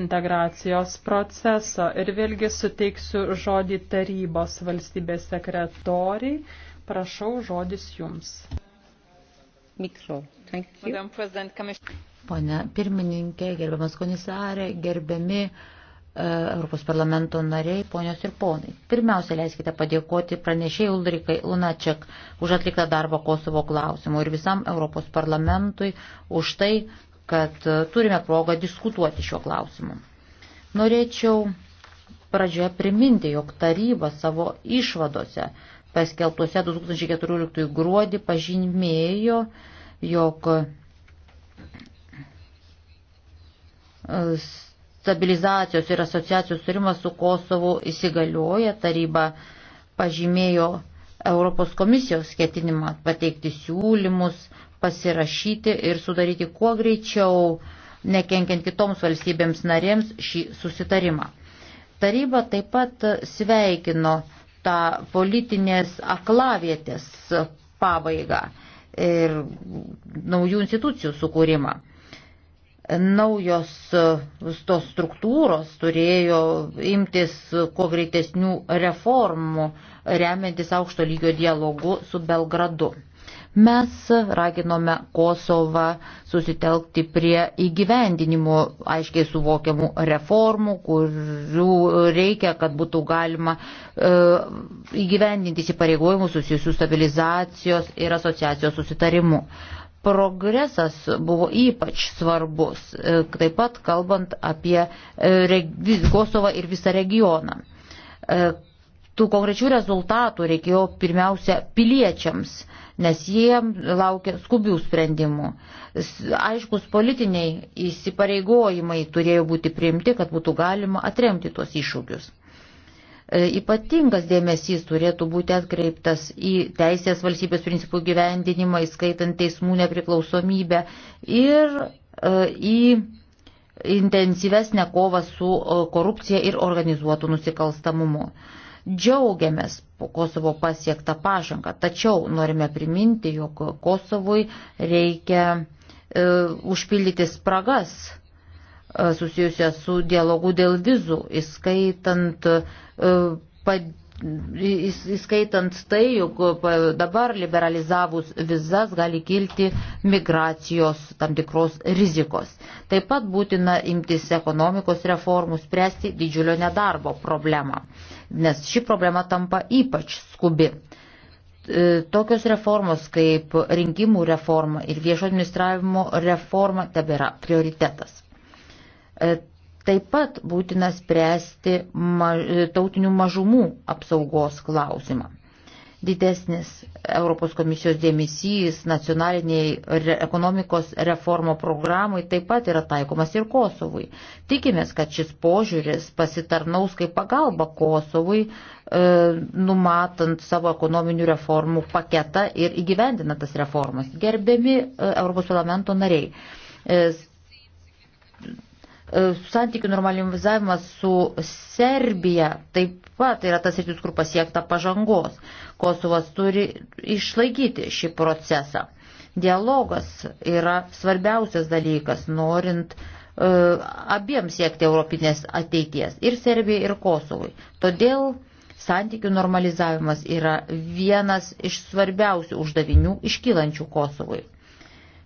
integracijos proceso. Ir vėlgi suteiksiu žodį tarybos valstybės sekretoriai. Prašau, žodis jums. Mikro. Pone pirmininkė, gerbiamas komisarė, gerbiami uh, Europos parlamento nariai, ponios ir ponai. Pirmiausia, leiskite padėkoti pranešėjai Ulrikai Lunačiak už atliktą darbą Kosovo klausimu ir visam Europos parlamentui už tai, kad e, turime progą diskutuoti šiuo klausimu. Norėčiau pradžioje priminti, jog taryba savo išvadose paskelbtuose 2014 gruodį pažymėjo, jog e, stabilizacijos ir asociacijos surimas su Kosovu įsigalioja, taryba pažymėjo Europos komisijos ketinimą pateikti siūlymus pasirašyti ir sudaryti kuo greičiau, nekenkiant kitoms valstybėms narėms šį susitarimą. Taryba taip pat sveikino tą politinės aklavietės pabaigą ir naujų institucijų sukūrimą. Naujos tos struktūros turėjo imtis kuo greitesnių reformų, remiantis aukšto lygio dialogu su Belgradu. Mes raginome Kosovą susitelkti prie įgyvendinimų aiškiai suvokiamų reformų, kurių reikia, kad būtų galima e, įgyvendinti įsipareigojimus susijusių stabilizacijos ir asociacijos susitarimu progresas buvo ypač svarbus, e, taip pat kalbant apie e, Kosovą ir visą regioną. E, tų konkrečių rezultatų reikėjo pirmiausia piliečiams, nes jie laukia skubių sprendimų. Aiškus politiniai įsipareigojimai turėjo būti priimti, kad būtų galima atremti tuos iššūkius. E, ypatingas dėmesys turėtų būti atkreiptas į teisės valstybės principų gyvendinimą, įskaitant teismų nepriklausomybę ir e, į intensyvesnę kovą su e, korupcija ir organizuotų nusikalstamumu. Džiaugiamės po Kosovo pasiektą pažangą, tačiau norime priminti, jog Kosovui reikia e, užpildyti spragas e, susijusias su dialogu dėl vizų, įskaitant, e, pa, įs, įskaitant tai, jog dabar liberalizavus vizas gali kilti migracijos tam tikros rizikos. Taip pat būtina imtis ekonomikos reformų, spręsti didžiulio nedarbo problemą. E, nes ši problema tampa ypač skubi. E, tokios reformos kaip rinkimų reforma ir viešo administravimo reforma tebėra prioritetas. E, taip pat būtina spręsti e, tautinių mažumų apsaugos klausimą didesnis Europos komisijos dėmesys nacionaliniai re ekonomikos reformo programai taip pat yra taikomas ir Kosovui. Tikimės, kad šis požiūris pasitarnaus kaip pagalba Kosovui, e, numatant savo ekonominių reformų paketą ir įgyvendinant tas reformas. Gerbiami e, Europos parlamento nariai. E, e santykių normalizavimas su Serbija taip Va, tai yra tas rytis, kur pasiekta pažangos. Kosovas turi išlaikyti šį procesą. Dialogas yra svarbiausias dalykas, norint uh, e, abiems siekti europinės ateities ir Serbijai, ir Kosovui. Todėl santykių normalizavimas yra vienas iš svarbiausių uždavinių iškylančių Kosovui.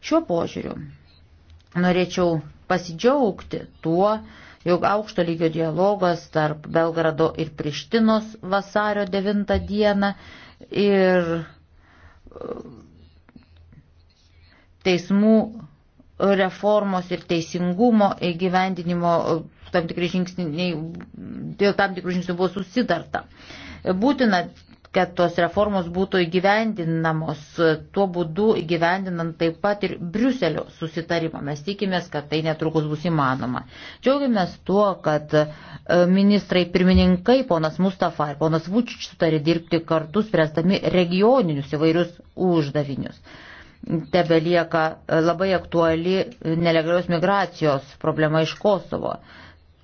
Šiuo požiūriu norėčiau pasidžiaugti tuo, uh, jog aukšto lygio dialogas tarp Belgrado ir Prištinos vasario 9 dieną ir e, teismų reformos ir teisingumo įgyvendinimo e, tam tikri žingsniai, dėl tam tikrų žingsnių buvo susitarta. Būtina kad tos reformos būtų įgyvendinamos, tuo būdu įgyvendinant taip pat ir Briuselio susitarimą. Mes tikimės, kad tai netrukus bus įmanoma. Džiaugiamės tuo, kad e, ministrai pirmininkai, ponas Mustafa ir ponas Vučič sutarė dirbti kartu, spręstami regioninius įvairius uždavinius. Tebe lieka e, labai aktuali nelegalios migracijos problema iš Kosovo.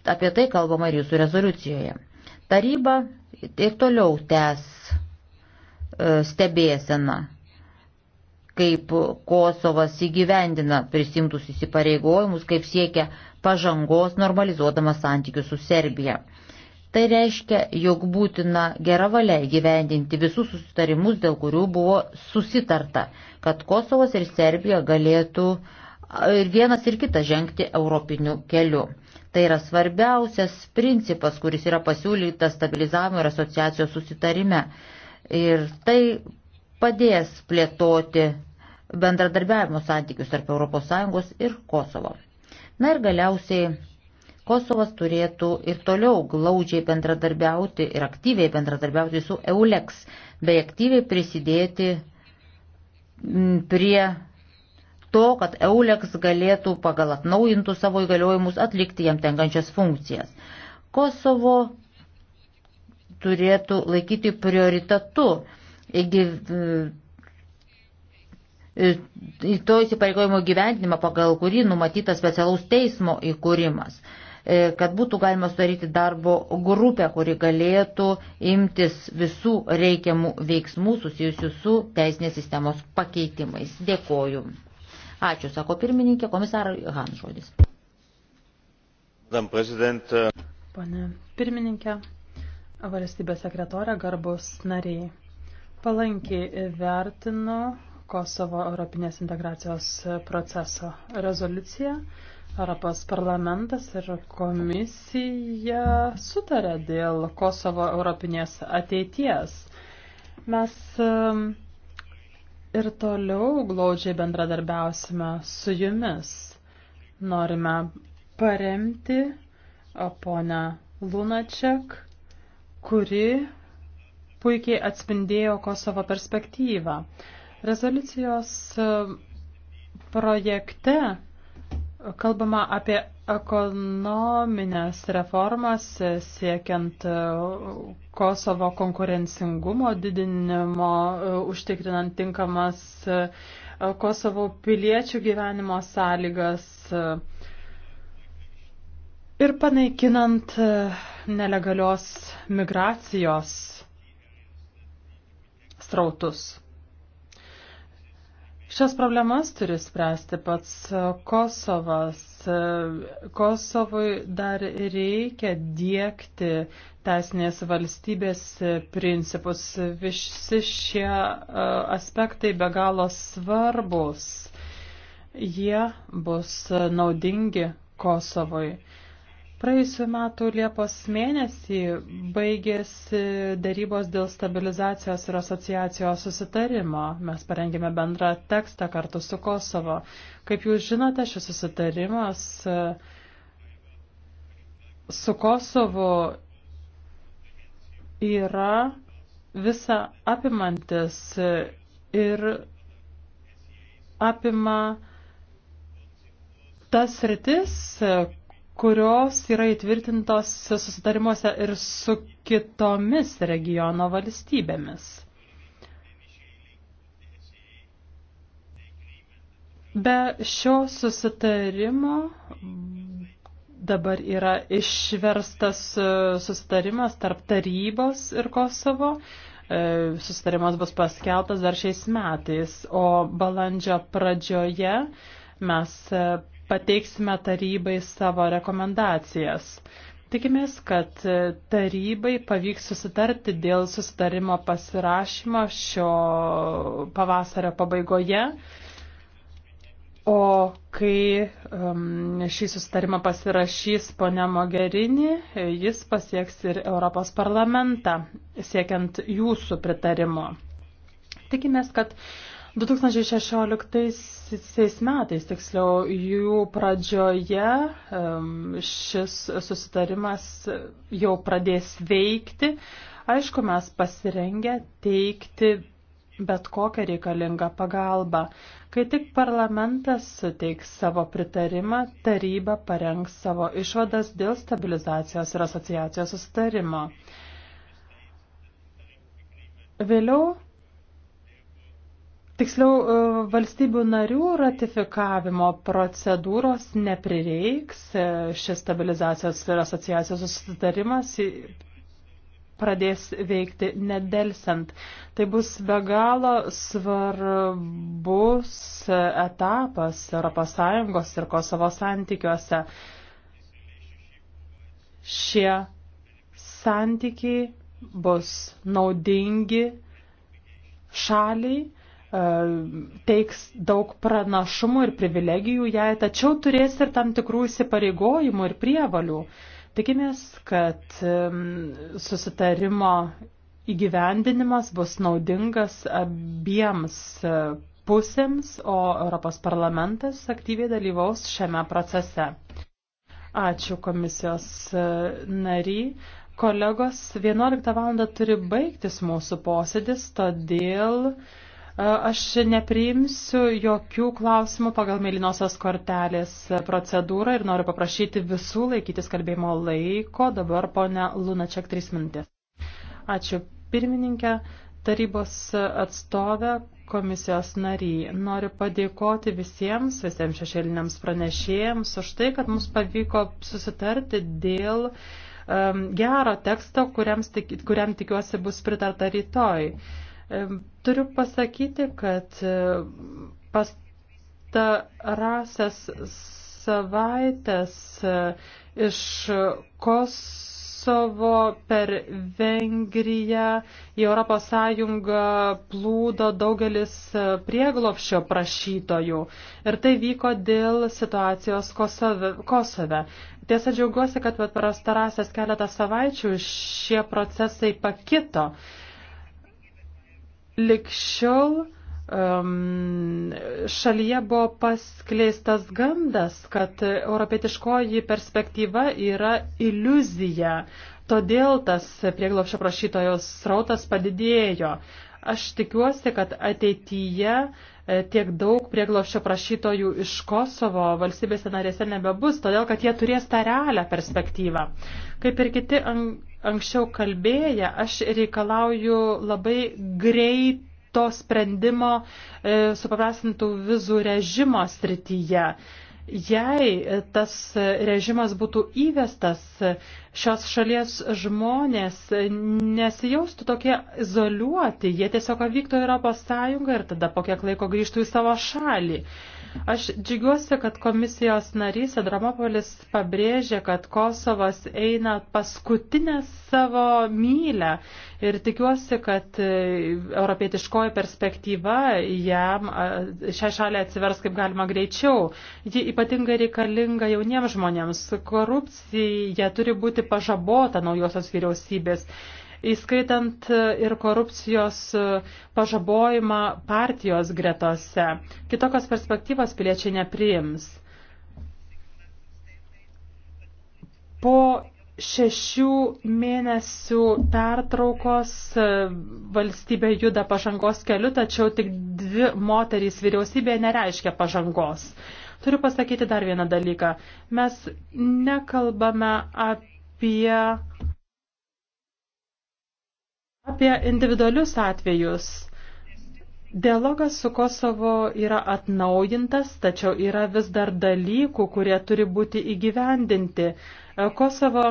Apie tai kalbama ir jūsų rezoliucijoje. Taryba ir toliau tęs e, stebėseną, kaip Kosovas įgyvendina prisimtus įsipareigojimus, kaip siekia pažangos normalizuodamas santykius su Serbija. Tai reiškia, jog būtina gera valia įgyvendinti visus susitarimus, dėl kurių buvo susitarta, kad Kosovas ir Serbija galėtų e, ir vienas ir kitas žengti europiniu keliu. Tai yra svarbiausias principas, kuris yra pasiūlytas stabilizavimo ir asociacijos susitarime. Ir tai padės plėtoti bendradarbiavimo santykius tarp ES ir Kosovo. Na ir galiausiai Kosovas turėtų ir toliau glaudžiai bendradarbiauti ir aktyviai bendradarbiauti su EULEX, bei aktyviai prisidėti prie to, kad Euleks galėtų pagal atnaujintų savo įgaliojimus atlikti jam tenkančias funkcijas. Kosovo turėtų laikyti prioritetu į e, e, to įsipareigojimo gyventinimą, pagal kurį numatyta specialaus teismo įkūrimas e, kad būtų galima sudaryti darbo grupę, kuri galėtų imtis visų reikiamų veiksmų susijusių su teisinės sistemos pakeitimais. Dėkoju. Ačiū, sako pirmininkė, komisarai Han žodis. Uh, Pane pirmininkė, valstybės sekretorė, garbus nariai. Palankiai vertinu Kosovo Europinės integracijos proceso rezoliuciją. Europos parlamentas ir komisija sutarė dėl Kosovo europinės ateities. Mes um, ir toliau glaudžiai bendradarbiausime su jumis. Norime paremti ponę Lunaček, kuri puikiai atspindėjo Kosovo perspektyvą. Rezoliucijos projekte Kalbama apie ekonominės reformas e, siekiant e, Kosovo konkurencingumo didinimo, e, užtikrinant tinkamas Kosovo piliečių gyvenimo sąlygas ir panaikinant nelegalios migracijos strautus. Šias problemas turi spręsti pats Kosovas. Kosovui dar reikia dėkti teisinės valstybės principus. Visi šie e, aspektai be galo svarbus. Jie bus naudingi Kosovui. Praėjusiu metu Liepos mėnesį baigėsi darybos dėl stabilizacijos ir asociacijos susitarimo. Mes parengėme bendrą tekstą kartu su Kosovo. Kaip jūs žinote, šis susitarimas e, su Kosovu yra visa apimantis ir apima tas rytis, kurios yra įtvirtintos susitarimuose ir su kitomis regiono valstybėmis. Be šio susitarimo dabar yra išverstas susitarimas tarp tarybos ir Kosovo. E, susitarimas bus paskeltas dar šiais metais, o balandžio pradžioje mes pateiksime tarybai savo rekomendacijas. Tikimės, kad tarybai pavyks susitarti dėl susitarimo pasirašymo šio pavasario pabaigoje. O kai um, šį susitarimą pasirašys ponia Mogerini, jis pasieks ir Europos parlamentą, siekiant jūsų pritarimo. Tikimės, kad uh, 2016 metais, tiksliau jų pradžioje, šis susitarimas jau pradės veikti. Aišku, mes pasirengę teikti bet kokią reikalingą pagalbą. Kai tik parlamentas suteiks savo pritarimą, taryba parengs savo išvadas dėl stabilizacijos ir asociacijos susitarimo. Vėliau Tiksliau, e, valstybių narių ratifikavimo procedūros neprireiks. E, šis stabilizacijos ir asociacijos susitarimas pradės veikti nedelsiant. Tai bus be galo svarbus etapas ES ir Kosovo santykiuose. Šie santykiai bus naudingi šaliai E, teiks daug pranašumų ir privilegijų jai, tačiau turės ir tam tikrų įsipareigojimų ir prievalių. Tikimės, kad susitarimo įgyvendinimas bus naudingas abiems e, pusėms, o Europos parlamentas aktyviai dalyvaus šiame procese. Ačiū komisijos e, nariai. Kolegos, 11 val. turi baigtis mūsų posėdis, todėl Aš nepriimsiu jokių klausimų pagal mėlynosios kortelės procedūrą ir noriu paprašyti visų laikytis kalbėjimo laiko. Dabar ponia Lunačiak, trys minutės. Ačiū pirmininkė, tarybos atstovė, komisijos nariai. Noriu padėkoti visiems, visiems šešėliniams pranešėjams už tai, kad mums pavyko susitarti dėl um, gero teksto, tik, kuriam tikiuosi bus pritarta rytoj. Uh, Turiu pasakyti, kad e, pastarasias savaitės e, iš Kosovo per Vengriją į Europos Sąjungą plūdo daugelis e, prieglopščio prašytojų. Ir tai vyko dėl situacijos Kosove. Kosove. Tiesa, džiaugiuosi, kad per pastarąsias keletą savaičių šie procesai pakito. Uh, likščiau um, šalyje buvo paskleistas gandas, kad europietiškoji perspektyva yra iliuzija. Todėl tas prieglopšio prašytojos srautas padidėjo. Aš tikiuosi, kad ateityje e, tiek daug prieglopšio prašytojų iš Kosovo valstybėse narėse nebebus, todėl kad jie turės tą realią perspektyvą. Kaip ir kiti ang anksčiau kalbėję, aš reikalauju labai greito sprendimo e, supaprastintų vizų režimo srityje. E, Jei tas režimas būtų įvestas, šios šalies žmonės nesijaustų tokie izoliuoti, jie tiesiog vyktų Europos Sąjungą ir tada po kiek laiko grįžtų į savo šalį. Aš džiugiuosi, kad komisijos narys Adramopolis pabrėžė, kad Kosovas eina paskutinę savo mylę Ir tikiuosi, kad e, europietiškoji perspektyva jam šią šalį atsivers kaip galima greičiau. Ji ypatingai reikalinga jauniems žmonėms. Korupcija turi būti pažabota naujosios vyriausybės įskaitant e, ir korupcijos e, pažabojimą partijos gretose. Kitokios perspektyvos piliečiai nepriims. Po šešių mėnesių pertraukos e, valstybė juda pažangos keliu, tačiau tik dvi moterys vyriausybėje nereiškia pažangos. Turiu pasakyti dar vieną dalyką. Mes nekalbame apie, apie individualius atvejus. Dialogas su Kosovo yra atnaujintas, tačiau yra vis dar dalykų, kurie turi būti įgyvendinti. Kosovo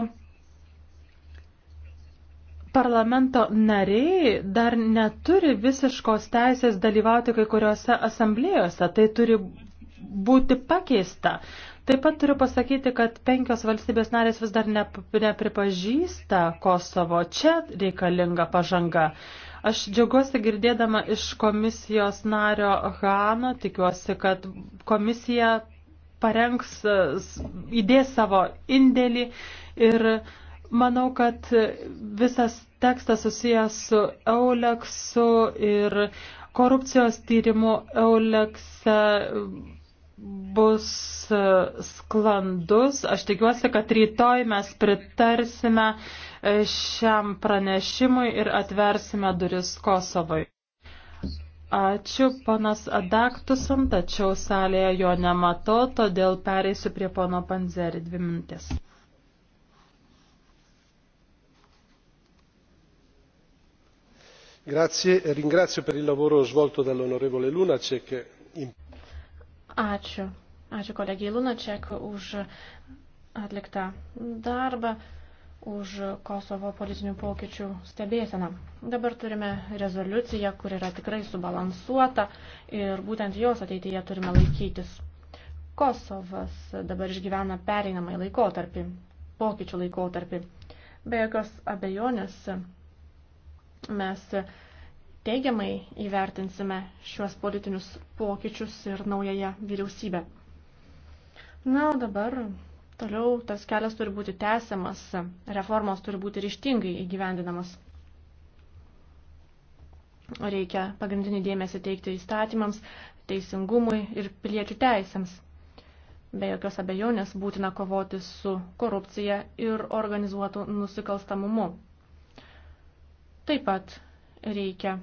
parlamento nariai dar neturi visiškos teisės dalyvauti kai kuriuose asamblėjose. Tai turi būti pakeista. Taip pat turiu pasakyti, kad penkios valstybės narės vis dar nepripažįsta Kosovo. Čia reikalinga pažanga. Aš džiaugiuosi girdėdama iš komisijos nario Hano, tikiuosi, kad komisija parengs, įdės savo indėlį ir manau, kad visas tekstas susijęs su Euleksu ir korupcijos tyrimu Eulekse bus e, sklandus. Aš tikiuosi, kad rytoj mes pritarsime uh, šiam pranešimui ir atversime duris Kosovai. Ačiū, panas Adaktuson, tačiau salėje jo nemato, todėl pereisiu prie pono Panzerį dvi minutės. Grazie, ringrazio per il lavoro svolto dall'onorevole Lunacek. Ačiū. Ačiū kolegijai Lunacek už atliktą darbą už Kosovo politinių pokyčių stebėseną. Dabar turime rezoliuciją, kur yra tikrai subalansuota ir būtent jos ateityje turime laikytis. Kosovas dabar išgyvena pereinamąjį laikotarpį, pokyčių laikotarpį. Be jokios abejonės mes teigiamai įvertinsime šiuos politinius pokyčius ir naująją vyriausybę. Na, o dabar Toliau tas kelias turi būti tęsiamas, reformos turi būti ryštingai įgyvendinamas. Reikia pagrindinį dėmesį teikti įstatymams, teisingumui ir piliečių teisėms. Be jokios abejonės būtina kovoti su korupcija ir organizuotų nusikalstamumu. Taip pat reikia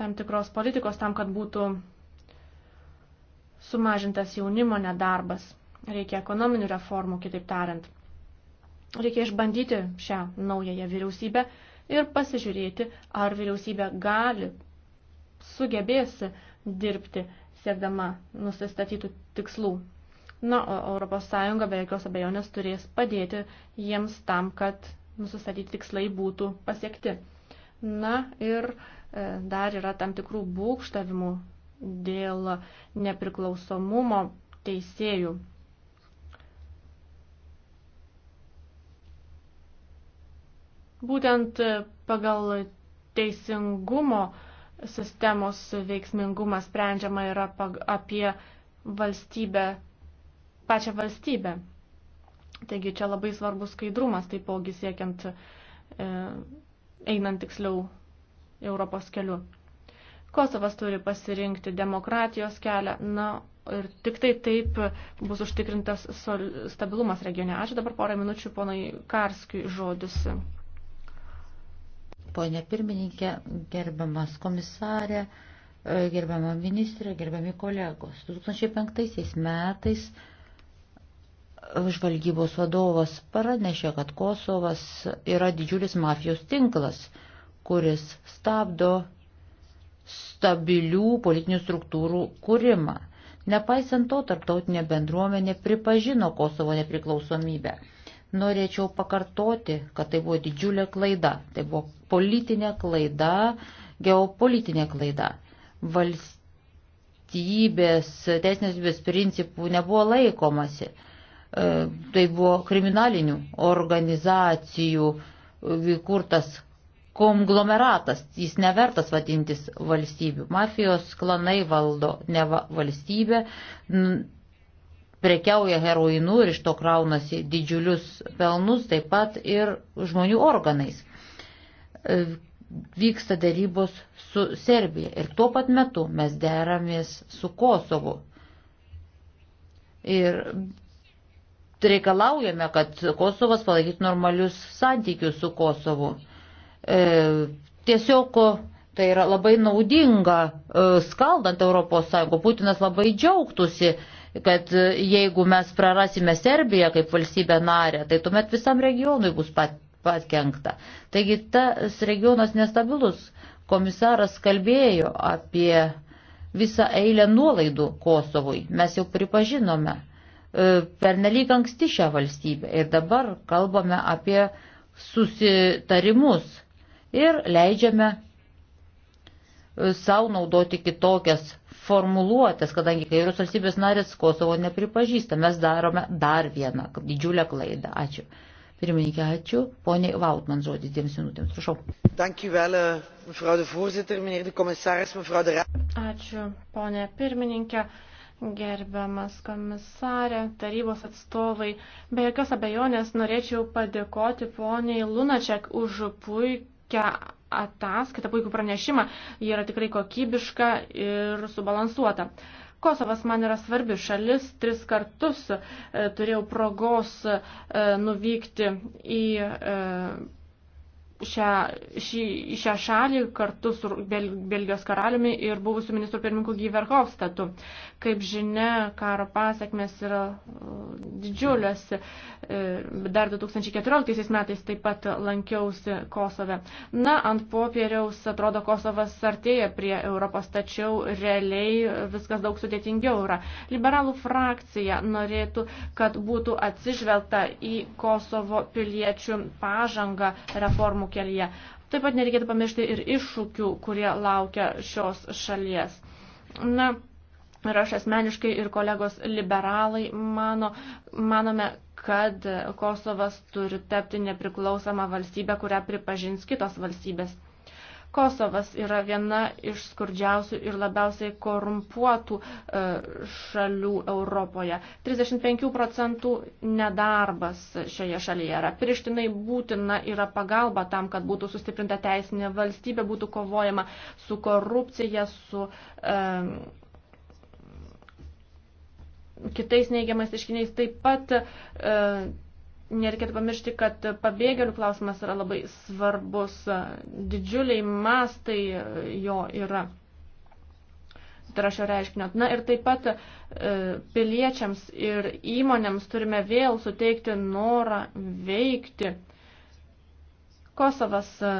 tam tikros politikos tam, kad būtų sumažintas jaunimo nedarbas, reikia ekonominių reformų, kitaip tariant. Reikia išbandyti šią naująją vyriausybę ir pasižiūrėti, ar vyriausybė gali, sugebės dirbti, siekdama nusistatytų tikslų. Na, o ES be jokios abejonės turės padėti jiems tam, kad nusistatyti tikslai būtų pasiekti. Na ir e, dar yra tam tikrų būkštavimų dėl nepriklausomumo teisėjų. Būtent pagal teisingumo sistemos veiksmingumą sprendžiama yra apie valstybę, pačią valstybę. Taigi čia labai svarbus skaidrumas, taipogi siekiant e, einant tiksliau Europos keliu. Kosovas turi pasirinkti demokratijos kelią, na, ir tik tai taip bus užtikrintas stabilumas regione. Ačiū dabar porą minučių ponai Karskiui žodis. Pone pirmininkė, gerbiamas komisarė, gerbiama ministrė, gerbiami kolegos. 2005 metais žvalgybos vadovas pranešė, kad Kosovas yra didžiulis mafijos tinklas, kuris stabdo stabilių politinių struktūrų kūrimą. Nepaisant to, tarptautinė bendruomenė pripažino Kosovo nepriklausomybę. Norėčiau pakartoti, kad tai buvo didžiulė klaida. Tai buvo politinė klaida, geopolitinė klaida. Valstybės, teisinės vis principų nebuvo laikomasi. E, tai buvo kriminalinių organizacijų įkurtas konglomeratas, jis nevertas vadintis valstybių. Mafijos klanai valdo ne valstybę, prekiauja heroinu ir iš to kraunasi didžiulius pelnus, taip pat ir žmonių organais. E, vyksta darybos su Serbija ir tuo pat metu mes deramės su Kosovu. Ir reikalaujame, kad Kosovas palaikytų normalius santykius su Kosovu. E, tiesiog tai yra labai naudinga e, skaldant ES. Putinas labai džiaugtųsi, kad e, jeigu mes prarasime Serbiją kaip valstybę narę, tai tuomet visam regionui bus pat, patkenkta. Taigi tas regionas nestabilus. Komisaras kalbėjo apie visą eilę nuolaidų Kosovui. Mes jau pripažinome per nelik anksti šią valstybę. Ir dabar kalbame apie susitarimus ir leidžiame e, savo naudoti kitokias formuluotės, kadangi kai kurios valstybės narės Kosovo nepripažįsta, mes darome dar vieną didžiulę klaidą. Ačiū. Pirmininkė, ačiū. Poniai Vautman žodis dviems minutėms, prašau. Eh, ačiū, ponė pirmininkė, gerbiamas komisarė, tarybos atstovai. Be jokios abejonės norėčiau padėkoti poniai Lunačiak už puikų puikia ataskaitą, puikų pranešimą. Ji yra tikrai kokybiška ir subalansuota. Kosovas man yra svarbi šalis. Tris kartus e, turėjau progos e, nuvykti į. E, šią, šį, šią šalį kartu su Bel, Belgijos karaliumi ir buvusiu ministru pirmininku Gyverhofstatu. Kaip žinia, karo pasiekmes yra uh, didžiulės. Uh, dar 2014 metais taip pat lankiausi Kosove. Na, ant popieriaus atrodo Kosovas artėja prie Europos, tačiau realiai viskas daug sudėtingiau yra. Liberalų frakcija norėtų, kad būtų atsižvelgta į Kosovo piliečių pažangą reformų kelyje. Taip pat nereikėtų pamiršti ir iššūkių, kurie laukia šios šalies. Na, ir aš asmeniškai ir kolegos liberalai mano, manome, kad Kosovas turi tapti nepriklausomą valstybę, kurią pripažins kitos valstybės. Kosovas yra viena iš skurdžiausių ir labiausiai korumpuotų e, šalių Europoje. 35 procentų nedarbas šioje šalyje yra. Prištinai būtina yra pagalba tam, kad būtų sustiprinta teisinė valstybė, būtų kovojama su korupcija, su. Um, kitais neigiamais iškiniais. Taip pat e, nereikėtų pamiršti, kad pabėgėlių klausimas yra labai svarbus, didžiuliai mastai jo yra trašio tai reiškinio. Na ir taip pat e, piliečiams ir įmonėms turime vėl suteikti norą veikti. Kosovas e,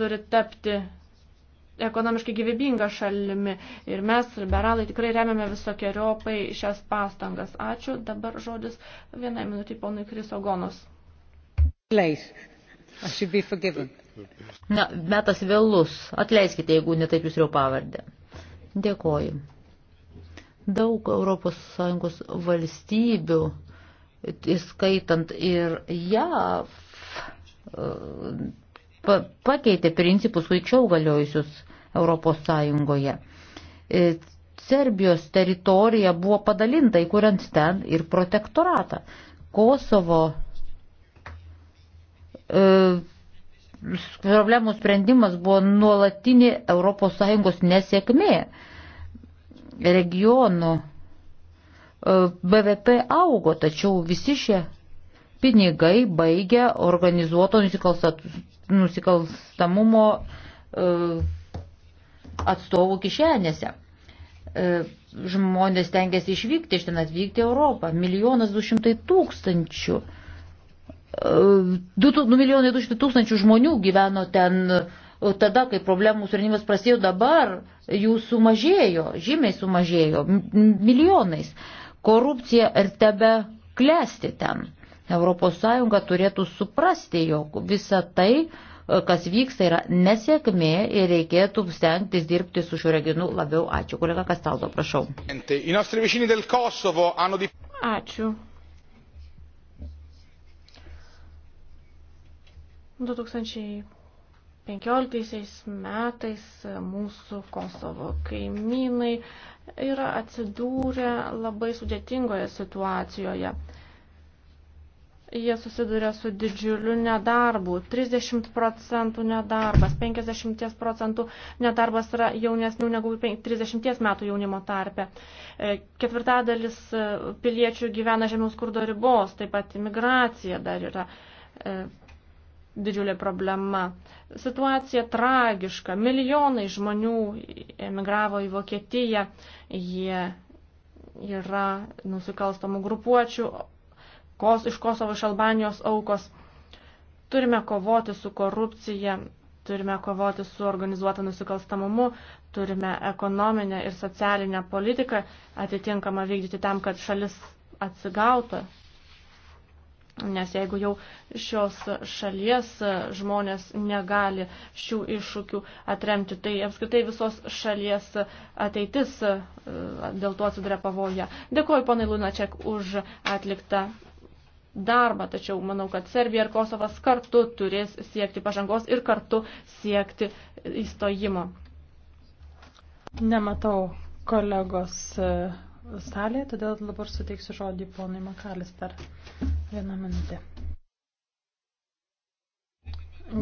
turi tapti ekonomiškai gyvybinga šalimi. Ir mes, liberalai, tikrai remiame visokiojopai šias pastangas. Ačiū. Dabar žodis vienai minutį ponui Krisogonos. Na, metas vėlus. Atleiskite, jeigu netaip jūs jau pavardę. Dėkoju. Daug ES valstybių, įskaitant ir JAV, pa, pakeitė principus laikiau galiojusius Europos Sąjungoje. E, Serbijos teritorija buvo padalinta įkuriant ten ir protektoratą. Kosovo e, problemų sprendimas buvo nuolatinė ES nesėkmė. Regionų e, BVP augo, tačiau visi šie pinigai baigia organizuoto nusikalstamumo e, atstovų kišenėse. E, žmonės tengiasi išvykti, iš ten atvykti Europą. Milijonas du šimtai tūkstančių. 2 e, milijonai 200 tūkstančių žmonių gyveno ten tada, kai problemų surinkimas prasidėjo, dabar jų sumažėjo, žymiai sumažėjo, milijonais. Korupcija ir tebe klesti ten. ES turėtų suprasti, jog visa tai, e, kas vyksta, yra nesėkmė ir reikėtų stengtis dirbti su šiuo regionu labiau. Ačiū, kolega Kastaldo, prašau. Ačiū. 2015 metais mūsų Kosovo kaimynai yra atsidūrę labai sudėtingoje situacijoje jie susiduria su didžiuliu nedarbu. 30 procentų nedarbas, 50 procentų nedarbas yra jaunesnių negu 30 metų jaunimo tarpe. E, ketvirtadalis e, piliečių gyvena žemiau skurdo ribos, taip pat imigracija dar yra e, didžiulė problema. Situacija tragiška. Milijonai žmonių emigravo į Vokietiją. Jie yra nusikalstamų grupuočių kos, iš Kosovo, iš Albanijos aukos. Turime kovoti su korupcija, turime kovoti su organizuotu nusikalstamumu, turime ekonominę ir socialinę politiką atitinkamą vykdyti tam, kad šalis atsigautų. Nes jeigu jau šios šalies žmonės negali šių iššūkių atremti, tai apskritai visos šalies ateitis e, dėl to atsiduria pavoje. Dėkuoju ponai Lunačiak už atliktą darbą, tačiau manau, kad Serbija ir Kosovas kartu turės siekti pažangos ir kartu siekti įstojimo. Nematau kolegos e, salėje, todėl dabar suteiksiu žodį ponui Makalister. Vieną minutę.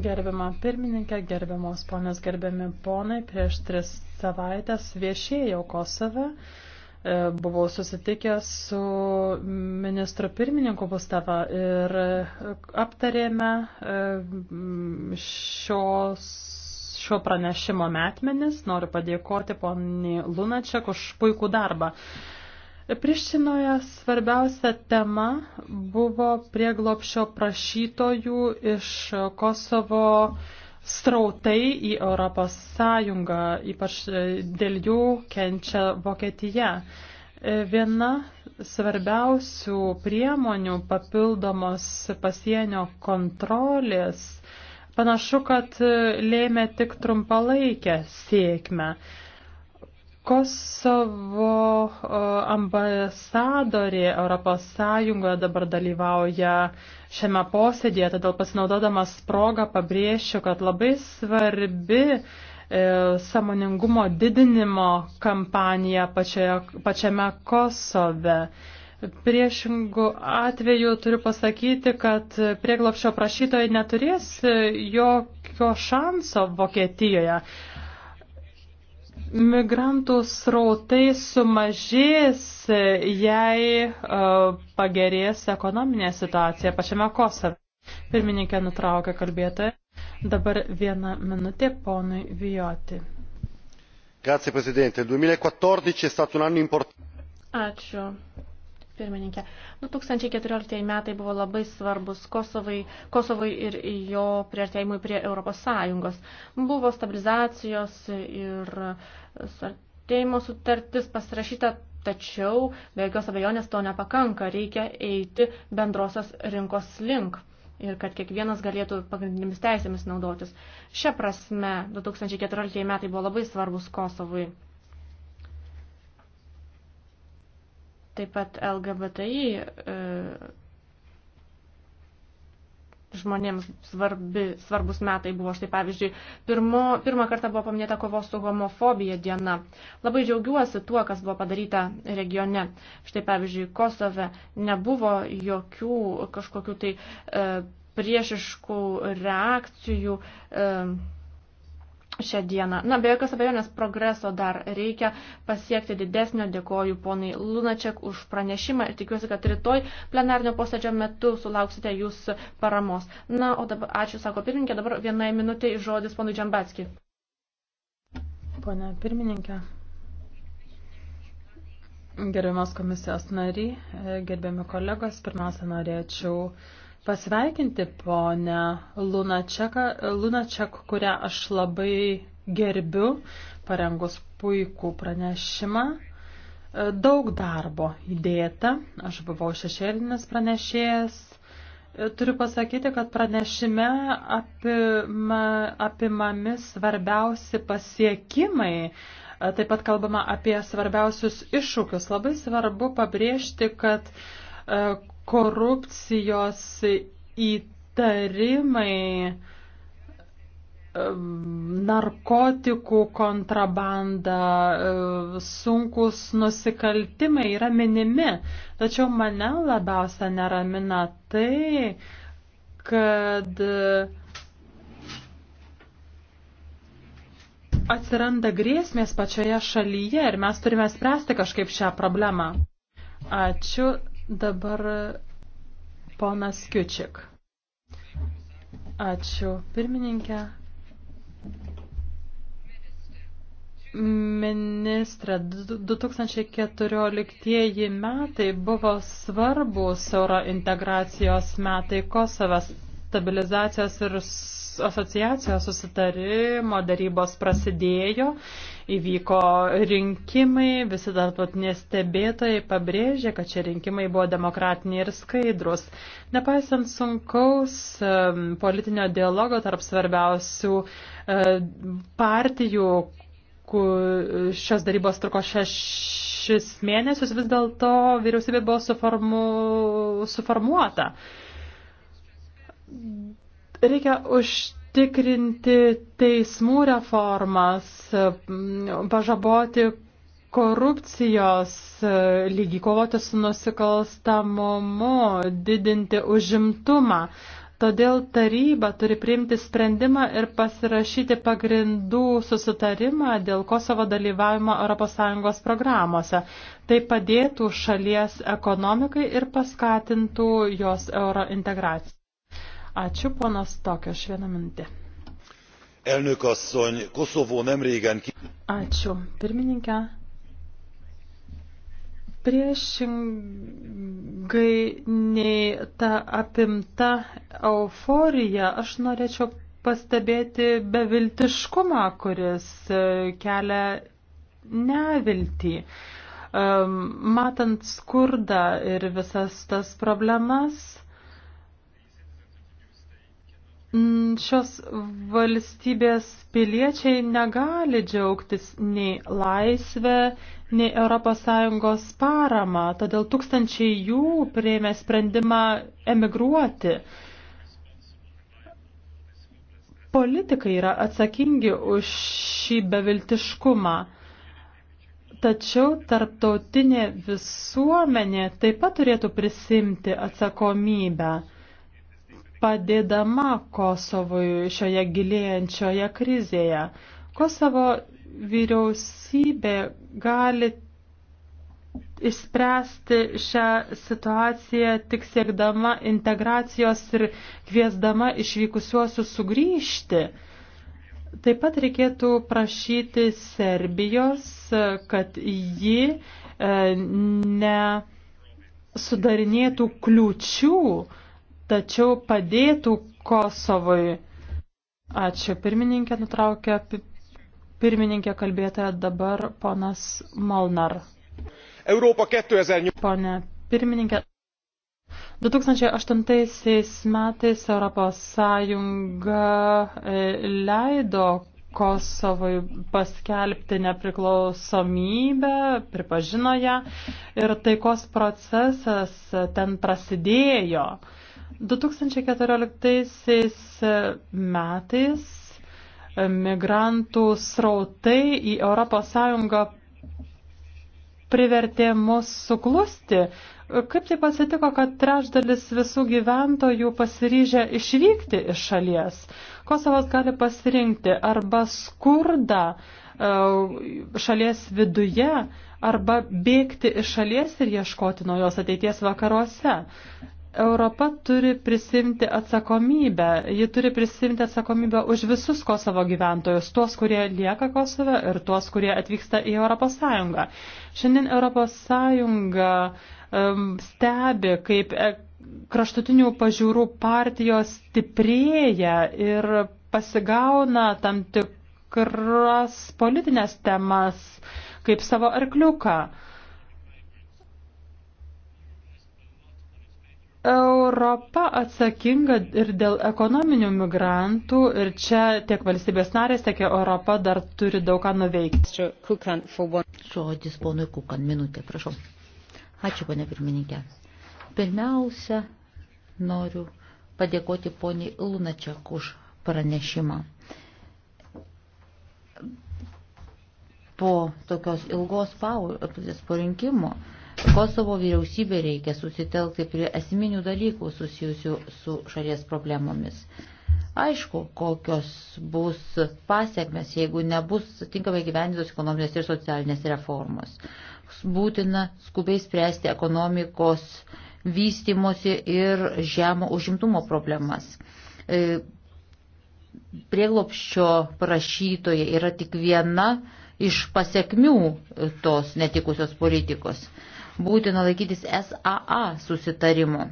Gerbiama pirmininkė, gerbiamos ponės, gerbiami ponai, prieš tris savaitės viešėjau Kosove. E, buvau susitikęs su ministru pirmininku Gustava ir e, aptarėme e, šios, šio pranešimo metmenis. Noriu padėkoti poniai Lunačiak už puikų darbą. Prištinoje svarbiausia tema buvo prieglopšio prašytojų iš Kosovo uh, strautai į Europos Sąjungą, ypač e, dėl jų kenčia Vokietija. E, viena svarbiausių priemonių papildomos pasienio kontrolės panašu, kad e, lėmė tik trumpalaikę sėkmę. Kosovo ambasadorė Europos Sąjungoje dabar dalyvauja šiame posėdėje, todėl pasinaudodamas progą pabrėšiu, kad labai svarbi e, samoningumo didinimo kampanija pačioje, pačiame Kosove. Priešingų atveju turiu pasakyti, kad prieglopšio prašytojai neturės jokio šanso Vokietijoje migrantų srautai sumažės, jei e, pagerės ekonominė situacija pačiame Kosove. Pirmininkė nutraukė kalbėtoją. Dabar viena minutė ponui Vijoti. Grazie, Presidente. 2014 è stato un anno importante. Ačiū pirmininkė. 2014 metai buvo labai svarbus Kosovai, Kosovai ir jo priartėjimui prie Europos Sąjungos. Buvo stabilizacijos ir sartėjimo sutartis pasirašyta, tačiau be jokios abejonės to nepakanka. Reikia eiti bendrosios rinkos link ir kad kiekvienas galėtų pagrindinėmis teisėmis naudotis. Šia prasme 2014 metai buvo labai svarbus Kosovui. Taip pat LGBTI e, žmonėms svarbi, svarbus metai buvo. Štai pavyzdžiui, pirmo, pirmą kartą buvo paminėta kovos su homofobija diena. Labai džiaugiuosi tuo, kas buvo padaryta regione. Štai pavyzdžiui, Kosove nebuvo jokių kažkokių tai e, priešiškų reakcijų. E, šią dieną. Na, be jokios abejonės progreso dar reikia pasiekti didesnio. Dėkoju ponai Lunačiak už pranešimą ir tikiuosi, kad rytoj plenarnio posėdžio metu sulauksite jūs paramos. Na, o dabar ačiū, sako pirmininkė, dabar vienai minutė žodis ponui Džambatski. Pone pirmininkė. Gerbiamas komisijos nariai, gerbiami kolegos, pirmiausia norėčiau uh, pasveikinti ponę Lunaček, kurią aš labai gerbiu, parengus puikų pranešimą. E, daug darbo įdėta, aš buvau šešėlinis pranešėjas. E, turiu pasakyti, kad pranešime apima, apimami svarbiausi pasiekimai, e, taip pat kalbama apie svarbiausius iššūkius. Labai svarbu pabrėžti, kad korupcijos įtarimai, e, narkotikų kontrabanda, e, sunkus nusikaltimai yra minimi. Tačiau mane labiausia neramina tai, kad atsiranda grėsmės pačioje šalyje ir mes turime spręsti kažkaip šią problemą. Ačiū. Dabar ponas Kiučik. Ačiū pirmininkė. Ministrė, 2014 metai buvo svarbus euro integracijos metai Kosovas stabilizacijos ir asociacijos susitarimo darybos prasidėjo, įvyko rinkimai, visi tarptautiniai stebėtojai pabrėžė, kad šie rinkimai buvo demokratiniai ir skaidrus. Nepaisant sunkaus politinio dialogo tarp svarbiausių e, partijų, šios darybos truko šešis mėnesius, vis dėlto vyriausybė buvo suformu, suformuota Reikia užtikrinti teismų reformas, pažaboti korupcijos lygį, kovoti su nusikalstamumu, didinti užimtumą. Todėl taryba turi priimti sprendimą ir pasirašyti pagrindų susitarimą dėl Kosovo dalyvavimo ES programuose. Tai padėtų šalies ekonomikai ir paskatintų jos euro integraciją. Ačiū, ponas Tokios, vieną minutę. Elnök asszony, Koszovó nemrégen ki... Ačiū, pirmininkė. Priešingai nei ta apimta euforija, aš norėčiau pastebėti beviltiškumą, kuris e, kelia neviltį. Matant skurdą ir visas tas problemas, Mm, šios valstybės piliečiai negali džiaugtis nei laisvę, nei ES parama, todėl tūkstančiai jų prieimė sprendimą emigruoti. Politikai yra atsakingi už šį beviltiškumą. Tačiau tarptautinė visuomenė taip pat turėtų prisimti atsakomybę padėdama Kosovui šioje gilėjančioje krizėje. Kosovo vyriausybė gali išspręsti šią situaciją tik siekdama integracijos ir kviesdama išvykusiuosius sugrįžti. Taip pat reikėtų prašyti Serbijos, kad ji e, ne sudarinėtų kliučių tačiau padėtų Kosovui. Ačiū pirmininkė, nutraukė pirmininkė kalbėtoja dabar ponas Molnar. Europa 2000. Pone pirmininkė. 2008 metais Europos Sąjunga e, leido Kosovui paskelbti nepriklausomybę, pripažino ją ir taikos procesas ten prasidėjo. 2014 metais migrantų srautai į ES privertė mus suklusti. Kaip taip atsitiko, kad trečdalis visų gyventojų pasiryžę išvykti iš šalies? Kosovas gali pasirinkti arba skurdą e, šalies viduje, arba bėgti iš šalies ir ieškoti naujos ateities vakaruose. Europa turi prisimti atsakomybę. Ji turi prisimti atsakomybę už visus Kosovo gyventojus, tuos, kurie lieka Kosove ir tuos, kurie atvyksta į Europos Sąjungą. Šiandien Europos Sąjunga um, stebi, kaip e, kraštutinių pažiūrų partijos stiprėja ir pasigauna tam tikras politinės temas kaip savo arkliuką. Europa atsakinga ir dėl ekonominių migrantų ir čia tiek valstybės narės, tiek Europa dar turi daug ką nuveikti. Žodis ponui Kukan, minutė, prašau. Ačiū, ponė pirmininkė. Pirmiausia, noriu padėkoti poniai Lunačiak už pranešimą. Po tokios ilgos pauzės po rinkimo Kosovo vyriausybė reikia susitelkti prie esminių dalykų susijusių su šalies problemomis. Aišku, kokios bus pasiekmes, jeigu nebus tinkamai gyvendintos ekonominės ir socialinės reformos. Būtina skubiai spręsti ekonomikos vystimosi ir žemo užimtumo problemas e, prieglopščio prašytoje yra tik viena iš pasiekmių tos netikusios politikos būtina laikytis SAA susitarimu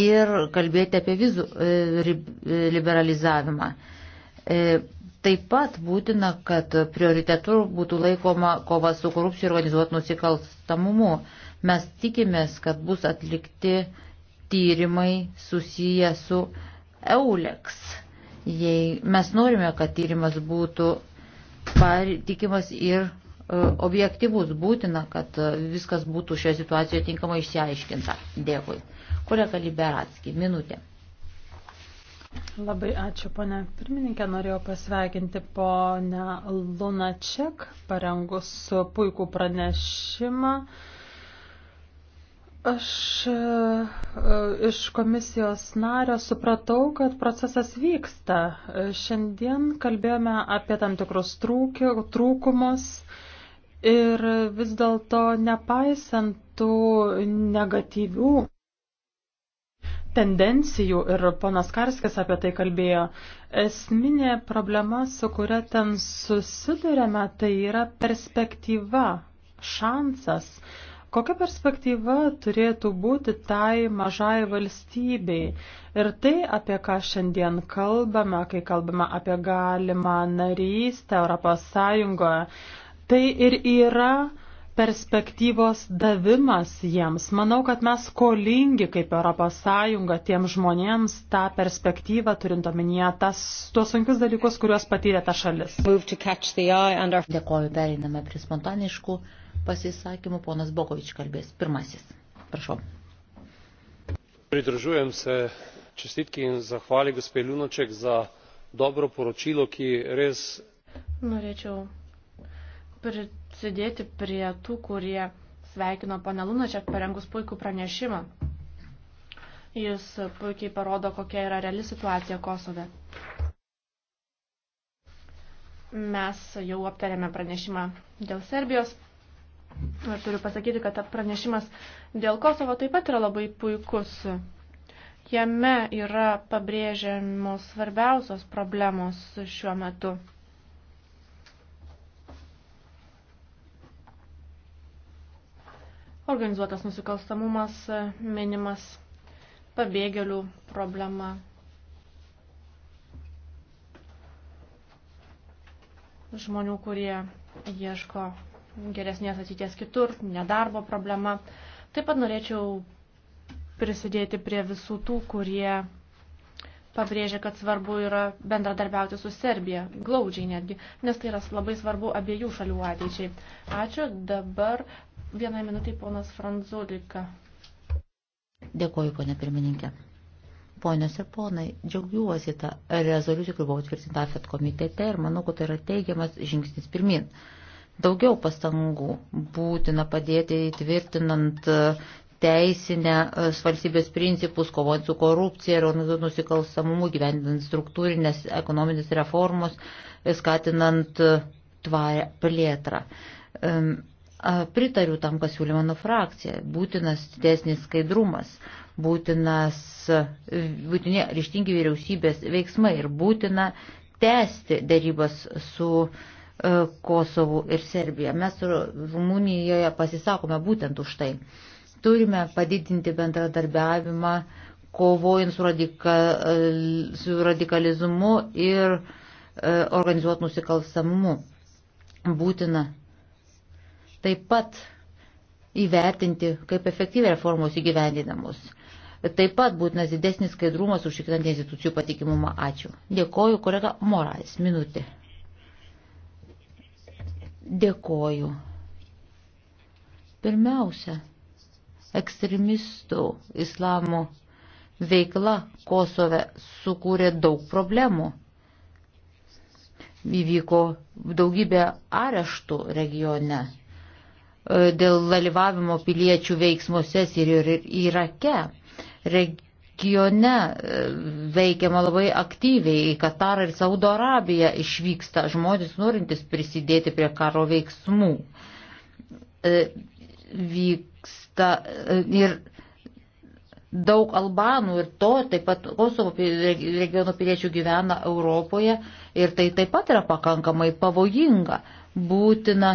ir kalbėti apie vizų e, e, liberalizavimą. E, taip pat būtina, kad prioritetu būtų laikoma kova su korupcija ir organizuot nusikalstamumu. Mes tikimės, kad bus atlikti tyrimai susiję su EULEX. Jei mes norime, kad tyrimas būtų patikimas ir E, objektivus, būtina, kad e, viskas būtų šioje situacijoje tinkamai išsiaiškinta. Dėkui. Kolega Liberatski, minutė. Labai ačiū, ponė pirmininkė. Norėjau pasveikinti ponę Lunaček, parengus puikų pranešimą. Aš e, iš komisijos nario supratau, kad procesas vyksta. Šiandien kalbėjome apie tam tikrus trūkių, trūkumus. trūkumus Ir vis dėlto nepaisant tų negatyvių tendencijų, ir ponas Karskis apie tai kalbėjo, esminė problema, su kuria ten susidurėme, tai yra perspektyva, šansas. Kokia perspektyva turėtų būti tai mažai valstybei? Ir tai, apie ką šiandien kalbame, kai kalbame apie galimą narystę Europos Sąjungoje, Tai ir yra perspektyvos davimas jiems. Manau, kad mes skolingi kaip ES tiem žmonėms tą perspektyvą, turint omenyje tas, tuos sunkius dalykus, kuriuos patyrė ta šalis. Dėkoju, pereiname prie spontaniškų pasisakymų. Ponas Bokovič kalbės. Pirmasis. Prašau. Pridružujem se čestitki in zahvali gospe Lunoček za dobro poročilo, ki res. Norėčiau prisidėti prie tų, kurie sveikino pana Lunačiak parengus puikų pranešimą. Jis puikiai parodo, kokia yra reali situacija Kosove. Mes jau aptarėme pranešimą dėl Serbijos. Ir turiu pasakyti, kad pranešimas dėl Kosovo taip pat yra labai puikus. Jame yra pabrėžiamos svarbiausios problemos šiuo metu. Organizuotas nusikalstamumas e, minimas, pabėgėlių problema. Žmonių, kurie ieško geresnės ateities kitur, nedarbo problema. Taip pat norėčiau prisidėti prie visų tų, kurie pabrėžia, kad svarbu yra bendradarbiauti su Serbija, glaudžiai netgi, nes tai yra labai svarbu abiejų šalių ateičiai. Ačiū, dabar Vieną minutį ponas Franzolika. Dėkoju, ponė pirmininkė. Ponios ir ponai, džiaugiuosi tą rezoliuciją, kuri buvo tvirtinta FED komitete ir manau, kad tai yra teigiamas žingsnis pirmin. Daugiau pastangų būtina padėti įtvirtinant teisinę e, valstybės principus, kovojant su korupcija ir nusikalstamumu, gyvendinant struktūrinės ekonominės reformos, skatinant e, tvarę plėtrą. Um, Pritariu tam, kas siūlė mano frakcija. Būtinas didesnis skaidrumas, būtinas, būtinė ryštingi vyriausybės veiksmai ir būtina tęsti darybas su e, Kosovu ir Serbija. Mes Rumunijoje pasisakome būtent už tai. Turime padidinti bendradarbiavimą, kovojant su, radika, su radikalizmu ir e, organizuot nusikalstamumu. Būtina taip pat įvertinti, kaip efektyviai reformos įgyvendinamos. Taip pat būtinas didesnis skaidrumas užtikrinant institucijų patikimumą. Ačiū. Dėkoju, kolega Morais. Minutė. Dėkoju. Pirmiausia, ekstremistų islamo veikla Kosove sukūrė daug problemų. Įvyko daugybė areštų regione E, dėl dalyvavimo piliečių veiksmuose Sirijoje ir Irake. Regione e, veikiama labai aktyviai, į Katarą ir Saudo Arabiją išvyksta žmonės norintys prisidėti prie karo veiksmų. E, vyksta ir daug albanų ir to, taip pat Kosovo regiono piliečių gyvena Europoje ir tai taip pat yra pakankamai pavojinga. Būtina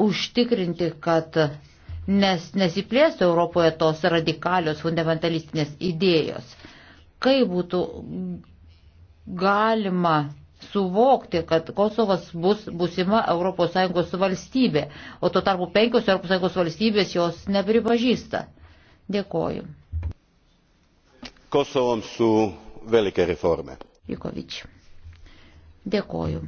užtikrinti, kad nes, nesiplėstų Europoje tos radikalios fundamentalistinės idėjos. Kaip būtų galima suvokti, kad Kosovas bus būsima ES valstybė, o tuo tarpu penkios ES valstybės jos nepripažįsta. Dėkoju. Kosovom su velike reforme. Jukovič. Dėkoju.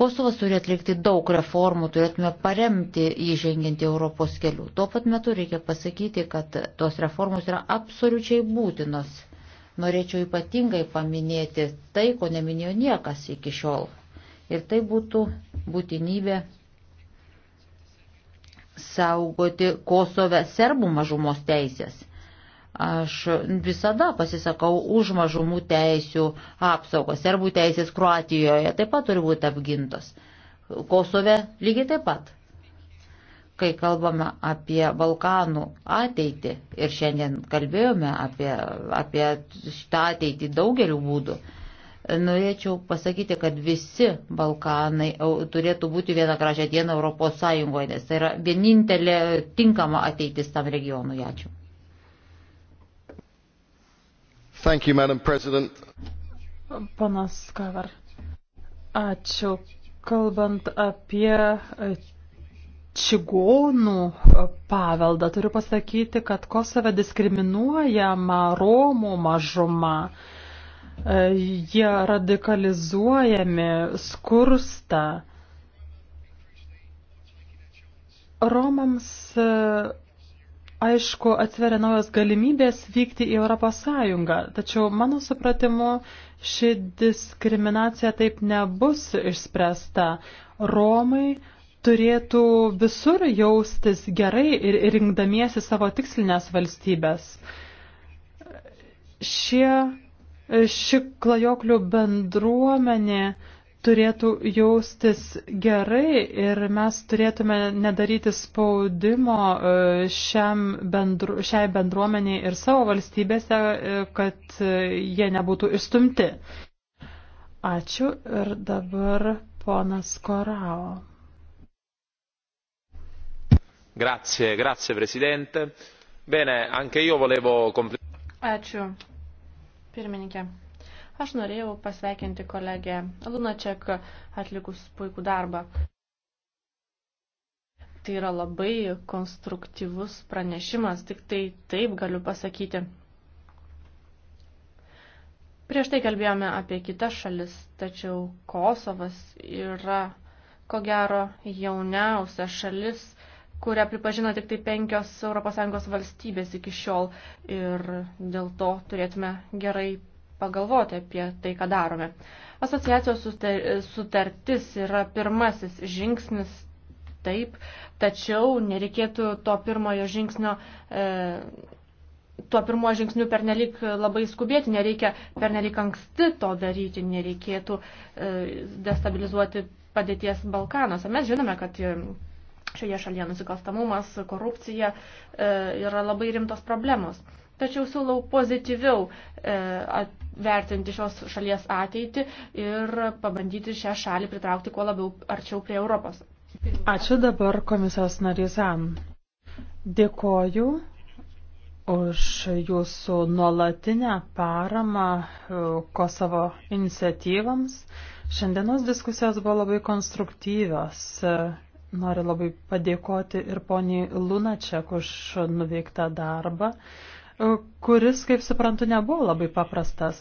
Kosovas turi atlikti daug reformų, turėtume paremti įžengiantį Europos kelių. Tuo pat metu reikia pasakyti, kad tos reformos yra absoliučiai būtinos. Norėčiau ypatingai paminėti tai, ko neminėjo niekas iki šiol. Ir tai būtų būtinybė saugoti Kosove serbų mažumos teisės. Aš visada pasisakau už mažumų teisių apsaugą. Serbų teisės Kroatijoje taip pat turi būti apgintos. Kosove lygiai taip pat. Kai kalbame apie Balkanų ateitį ir šiandien kalbėjome apie, apie šitą ateitį daugeliu būdų, norėčiau pasakyti, kad visi Balkanai turėtų būti vieną gražią dieną Europos Sąjungoje, nes tai yra vienintelė tinkama ateitis tam regionui. Ačiū. You, madam president ponas kavar ačiū kalbant apie e, čigonų e, paveldą turiu pasakyti kad kosove diskriminuojama romų mažuma e, jie radikalizuojami skursta romams aišku, atsveria naujos galimybės vykti į Europos Sąjungą, tačiau mano supratimu ši diskriminacija taip nebus išspręsta. Romai turėtų visur jaustis gerai ir rinkdamiesi savo tikslinės valstybės. Šie, ši klajoklių bendruomenė uh, turėtų jaustis gerai ir mes turėtume nedaryti spaudimo e, šiam bendru, šiai bendruomeniai ir savo valstybėse, e, kad e, jie nebūtų išstumti. Ačiū ir dabar ponas Korao. Grazie, grazie Presidente. Bene, anche io volevo Ačiū, pirmininkė. Aš norėjau pasveikinti kolegę Lunaček atlikus puikų darbą. Tai yra labai konstruktyvus pranešimas, tik tai taip galiu pasakyti. Prieš tai kalbėjome apie kitas šalis, tačiau Kosovas yra, ko gero, jauniausia šalis, kurią pripažino tik tai penkios ES valstybės iki šiol ir dėl to turėtume gerai pagalvoti apie tai, ką darome. Asociacijos sutartis yra pirmasis žingsnis taip, tačiau nereikėtų to pirmojo žingsnio. E, Tuo pirmuo žingsniu pernelik labai skubėti, nereikia pernelik anksti to daryti, nereikėtų e, destabilizuoti padėties Balkanuose. Mes žinome, kad e, šioje šalyje nusikalstamumas, korupcija e, yra labai rimtos problemos. E, tačiau siūlau pozityviau e, vertinti šios šalies ateitį ir pabandyti šią šalį pritraukti kuo labiau arčiau prie Europos. Ačiū dabar komisijos narys An. Dėkoju už jūsų nuolatinę paramą e, Kosovo iniciatyvams. Šiandienos diskusijos buvo labai konstruktyvios. E, noriu labai padėkoti ir poniai Lunačiak už nuveiktą darbą. E, kuris, kaip suprantu, nebuvo labai paprastas.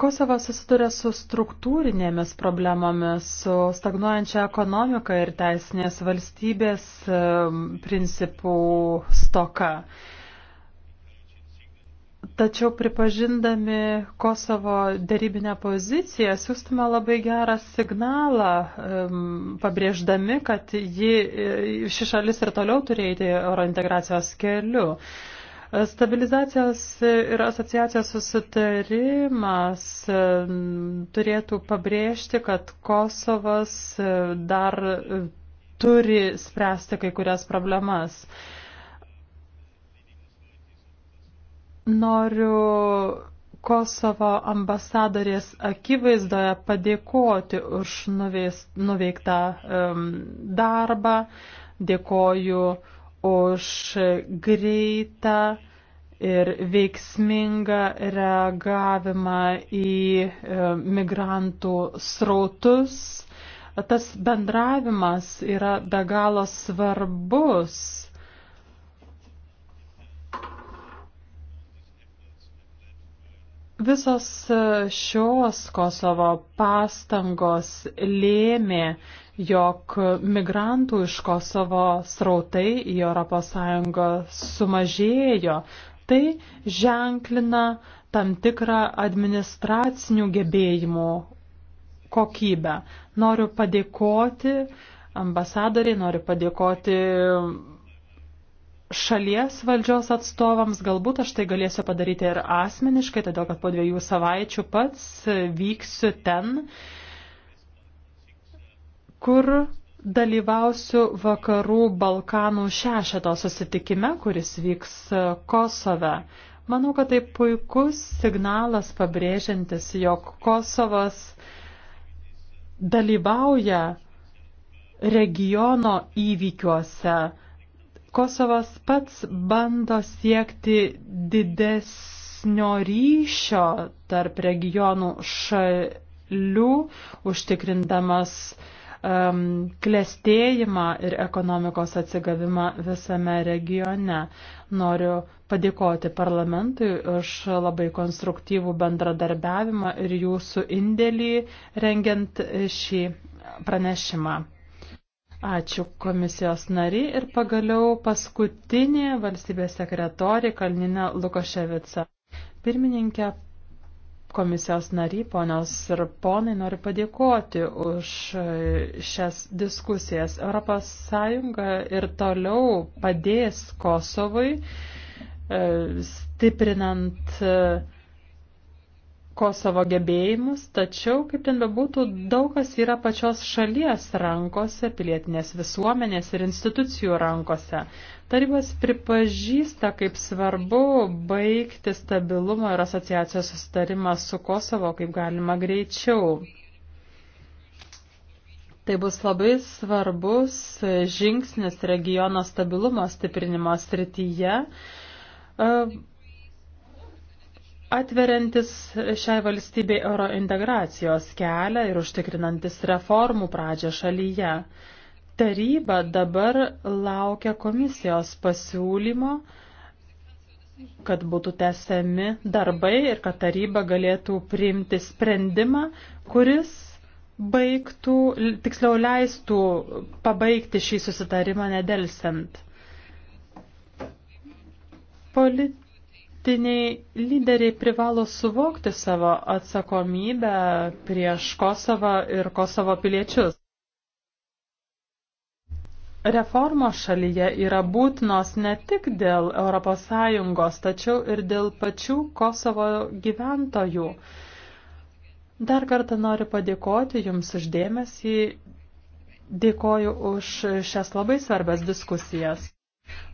Kosovas susiduria su struktūrinėmis problemomis, su stagnuojančia ekonomika ir teisinės valstybės e, principų stoka. Tačiau pripažindami Kosovo darybinę poziciją, siūstume labai gerą signalą, pabrėždami, kad ji, e, ši šalis ir toliau turėjo eurointegracijos keliu. Stabilizacijos ir asociacijos susitarimas turėtų pabrėžti, kad Kosovas e, dar e, turi spręsti kai kurias problemas. Noriu Kosovo ambasadorės akivaizdoje padėkoti už nuveis, nuveiktą um, darbą. Dėkoju už greitą ir veiksmingą reagavimą į e, migrantų srautus. Tas bendravimas yra be galo svarbus Visos e, šios Kosovo pastangos lėmė, jog migrantų iš Kosovo srautai į ES sumažėjo. Tai ženklina tam tikrą administracinių gebėjimų kokybę. Noriu padėkoti ambasadoriai, noriu padėkoti šalies valdžios atstovams, galbūt aš tai galėsiu padaryti ir asmeniškai, todėl kad po dviejų savaičių pats vyksiu ten, kur dalyvausiu vakarų Balkanų šešeto susitikime, kuris vyks Kosove. Manau, kad tai puikus signalas pabrėžiantis, jog Kosovas dalyvauja regiono įvykiuose, Kosovas pats bando siekti didesnio ryšio tarp regionų šalių, užtikrindamas um, klėstėjimą ir ekonomikos atsigavimą visame regione. Noriu padėkoti parlamentui už labai konstruktyvų bendradarbiavimą ir jūsų indėlį rengiant šį pranešimą. Ačiū komisijos nariai ir pagaliau paskutinė valstybės sekretorė Kalnina Lukoševica. Pirmininkė komisijos nariai, ponios ir ponai, noriu padėkoti už šias diskusijas. Europos Sąjunga ir toliau padės Kosovui e, stiprinant e, Kosovo gebėjimus, tačiau, kaip ten bebūtų, daug kas yra pačios šalies rankose, pilietinės visuomenės ir institucijų rankose. Tarybas pripažįsta, kaip svarbu baigti stabilumo ir asociacijos sustarimą su Kosovo kaip galima greičiau. Tai bus labai svarbus žingsnis regiono stabilumo stiprinimo srityje e, atveriantis šiai valstybei euro integracijos kelią ir užtikrinantis reformų pradžią šalyje. Taryba dabar laukia komisijos pasiūlymo, kad būtų tęsiami darbai ir kad taryba galėtų priimti sprendimą, kuris baigtų, tiksliau leistų pabaigti šį susitarimą nedelsiant. Polit Politiniai lyderiai privalo suvokti savo atsakomybę prieš Kosovą ir Kosovo piliečius. Reformos šalyje yra būtinos ne tik dėl ES, tačiau ir dėl pačių Kosovo gyventojų. Dar kartą noriu padėkoti Jums uždėmesį, dėkoju už šias labai svarbias diskusijas.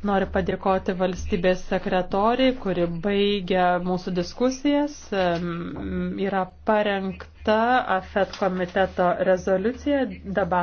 Noriu padėkoti valstybės sekretoriai, kuri baigia mūsų diskusijas. Yra parengta AFET komiteto rezoliucija. Dabar